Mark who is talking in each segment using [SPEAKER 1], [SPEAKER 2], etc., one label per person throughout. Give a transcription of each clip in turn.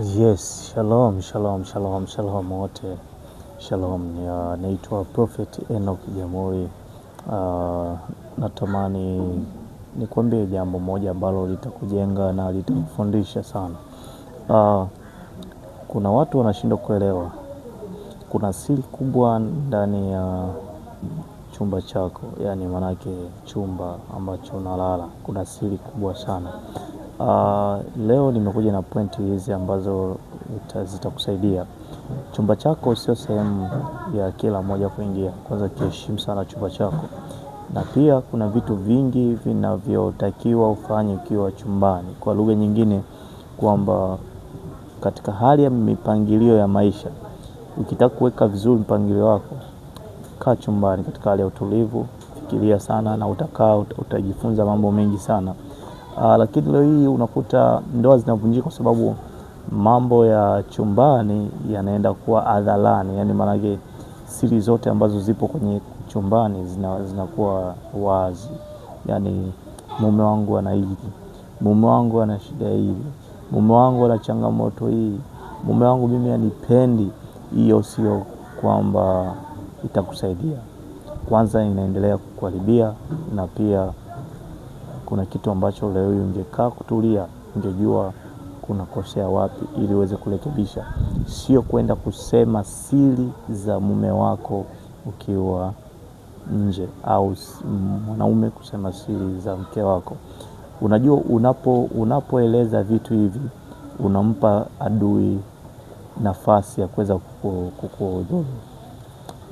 [SPEAKER 1] Yes, shalom shalom shalom shalom wote, shalom. Naitwa Prophet Enoch Jamhuri. Uh, natamani nikwambie jambo moja ambalo litakujenga na litakufundisha sana. Uh, kuna watu wanashindwa kuelewa, kuna siri kubwa ndani ya chumba chako, yaani maanake chumba ambacho unalala, kuna siri kubwa sana Uh, leo nimekuja na pointi hizi ambazo zitakusaidia. Chumba chako sio sehemu ya kila mmoja kuingia. Kwanza kiheshimu sana chumba chako, na pia kuna vitu vingi vinavyotakiwa ufanye ukiwa chumbani. Kwa lugha nyingine, kwamba katika hali ya mipangilio ya maisha, ukitaka kuweka vizuri mpangilio wako, kaa chumbani katika hali ya utulivu, fikiria sana, na utakaa utajifunza mambo mengi sana. Ah, lakini leo hii unakuta ndoa zinavunjika kwa sababu mambo ya chumbani yanaenda kuwa adhalani, yani maanake siri zote ambazo zipo kwenye chumbani zinakuwa zina wazi, yani mume wangu ana hili, mume wangu ana shida hii, mume wangu ana changamoto hii, mume wangu mimi anipendi. Hiyo sio kwamba itakusaidia, kwanza inaendelea kukuharibia na pia kuna kitu ambacho leo hii ungekaa kutulia, ungejua unakosea wapi, ili uweze kurekebisha. Sio kwenda kusema siri za mume wako ukiwa nje, au mwanaume kusema siri za mke wako. Unajua, unapo unapoeleza vitu hivi unampa adui nafasi ya kuweza kukuudhuru.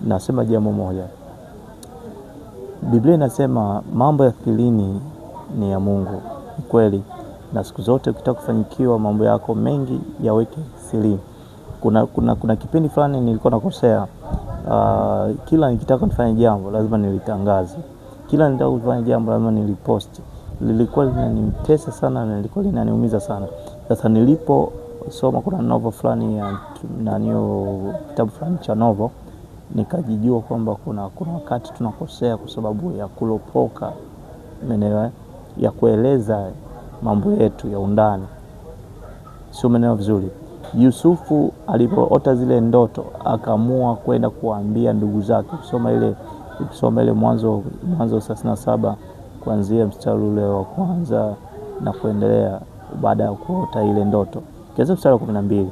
[SPEAKER 1] Nasema jambo moja, Biblia inasema mambo ya filini ni ya Mungu, ni kweli. Na siku zote ukitaka kufanikiwa mambo yako mengi yaweke siri. Kuna, kuna, kuna kipindi fulani nilikuwa nakosea uh, kila nikitaka nifanye jambo lazima nilitangaze, kila nitaka kufanya jambo lazima niliposti. Lilikuwa linanitesa sana na lilikuwa linaniumiza sana. Sasa soma kuna novel fulani ya nanio, kitabu fulani cha novel nikajijua kwamba kuna kuna wakati tunakosea kwa sababu ya kulopoka, umeelewa? ya kueleza mambo yetu ya undani, sio maneno vizuri. Yusufu alipoota zile ndoto akaamua kwenda kuambia ndugu zake. Ukisoma ile ukisoma ile Mwanzo Mwanzo thelathini na saba kuanzia mstari ule wa kwanza na kuendelea, baada ya kuota ile ndoto, kianzia mstari wa kumi na mbili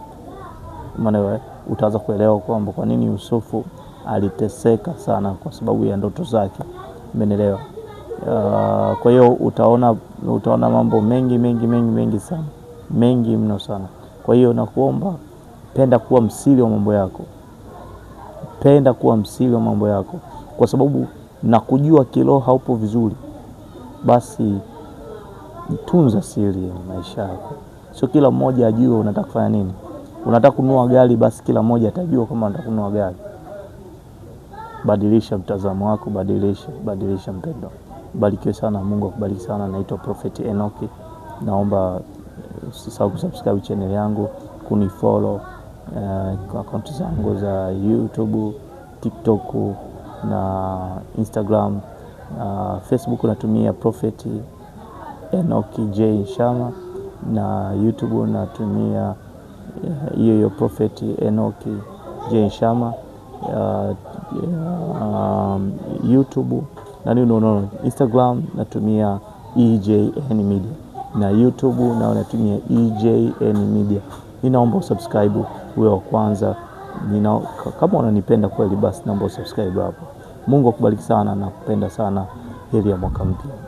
[SPEAKER 1] maana eh? utaweza kuelewa kwamba kwa nini Yusufu aliteseka sana kwa sababu ya ndoto zake. Umeelewa? Ah, kwa hiyo utaona, utaona mambo mengi mengi mengi mengi sana mengi mno sana. Kwa hiyo nakuomba, penda kuwa msiri wa mambo yako, penda kuwa msiri wa mambo yako, kwa sababu nakujua kiroho haupo vizuri, basi tunza siri ya maisha yako. Sio kila mmoja ajue unataka kufanya nini. Unataka kununua gari, basi kila mmoja atajua kama unataka kununua gari. Badilisha mtazamo wako, badilisha badilisha mpendo. Barikiwe sana, Mungu akubariki sana. Naitwa Prophet Enoki, naomba usisahau kusubscribe channel yangu, kunifollow uh, eh, akaunti zangu za YouTube, TikTok na Instagram. Uh, Facebook natumia Prophet Enoki J Nshama na YouTube natumia eh, hiyo hiyo Prophet Enoki J Nshama. Uh, uh, YouTube na nini unaona. Instagram natumia EJN Media na YouTube nao natumia EJN Media. Ninaomba usubscribe uwe wa kwanza. Nina, kama unanipenda kweli basi naomba usubscribe hapo. Mungu akubariki sana na kupenda sana heri ya mwaka mpya.